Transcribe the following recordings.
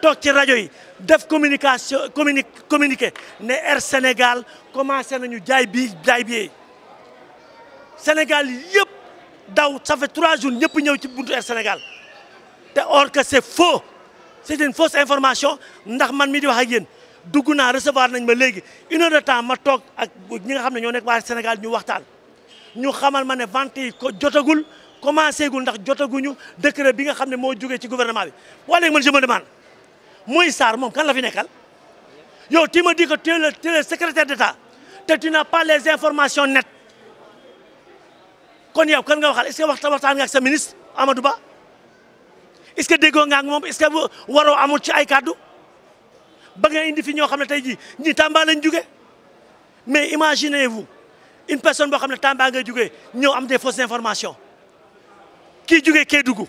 toog ci rajo def communication communique communiquer né Air Sénégal commencé nañu jay bi jay bi Sénégal yépp daw ça fait 3 jours ñëpp ñëw ci buntu Air Sénégal té or que c'est faux c'est une fausse information ndax man mi di wax ak yeen duguna recevoir nañ ma légui une heure de temps ma tok ak ñi nga xam ne ñoo nekk Sénégal ñu waxtaan ñu xamal mané ne vente ko jotagul commencé gul ndax jotaguñu décret bi nga xamné mo joggé ci gouvernement bi waaye léegi man je me demande moi Sar, moom kan la fi nekkal yow tu me dis que tu es le tu es le secrétaire d'État te tu n'as pas les informations nettes kon yow kan nga waxal est-ce que waxtaan waxtaan nga ak sa ministre Amadou Ba est-ce que déggoo nga ak est-ce que waroo amul ci ay kàddu ba nga indi fi ñoo xam ne ñi Tamba lañ mais imaginez-vous une personne boo xam ne Tamba ngay jugee ñëw am des fausses informations kii jugee Kédougou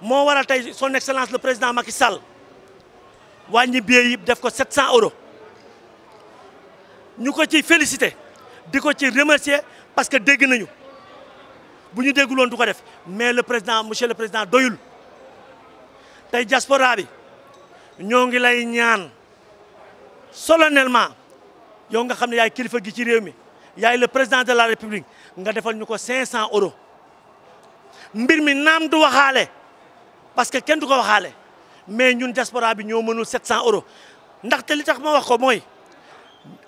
moo waral son excellence le président Macky Sall wàññi billet def ko 700 euros Nous ko ci Nous di ko ci remercier parce que dégg nañu bu ñu dégguloon du ko def mais le président monsieur le président doyul Tay diaspora bi ñoo ngi lay ñaan solennellement yow nga xamné yaay kilifa gi ci réew mi yaay le président de la république nga défal ñuko 500 euros mbir mi naam du waxale parce que quelqu'un doit ko waxaale mais ñun diaspora bi ñoo mënul 700 euros ndaxte li tax ma wax ko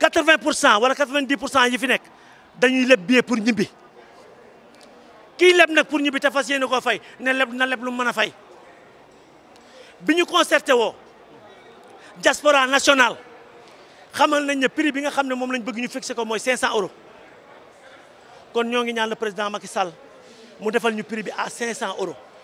80 ou wala 90 pour cent yi fi nekk dañuy leb billet pour ñibbi Qui est nag pour ñibbi te fas yéene koo fay ne le na leb lu mën a fay bi ñu concerté woo diaspora nationale xamal nañ ne prix bi nga xam ne moom lañ bëgg ñu fixé ko mooy 500 euros kon ñoo ngi ñaan le président Macky Sall mu defal ñu prix bi à 500 euros.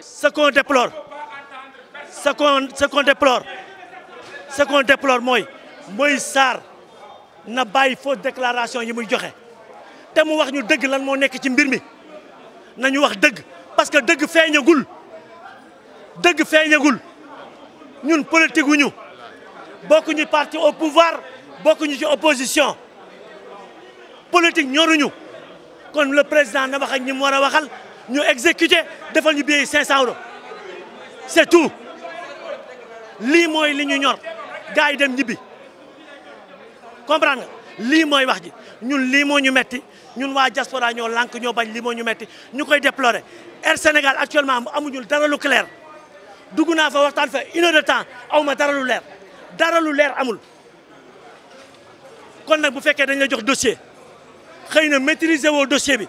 Ce qu'on déplore, ce qu'on ce qu'on déplore, ce qu'on déplore moi, mooy Sar, na bàyyi fausse déclaration yi fait joxe te mu wax ñu dëgg lan moo nekk ci mbir mi nañu wax parce que dëgg feeñagul une ñun politique politiques. ñu parti au pouvoir bokkuñu ci opposition politique sommes. Quand le président na wax ak président ñu exécuté devant ñu billet 500 euros c'est tout limo que li ñu gars dem ñibbi comprendre nga wax ji nous nous ñu metti ñun diaspora nous bañ nous Air Sénégal actuellement fait dara lu clair dugg fa waxtaan fa une heure de temps awma dossier dossier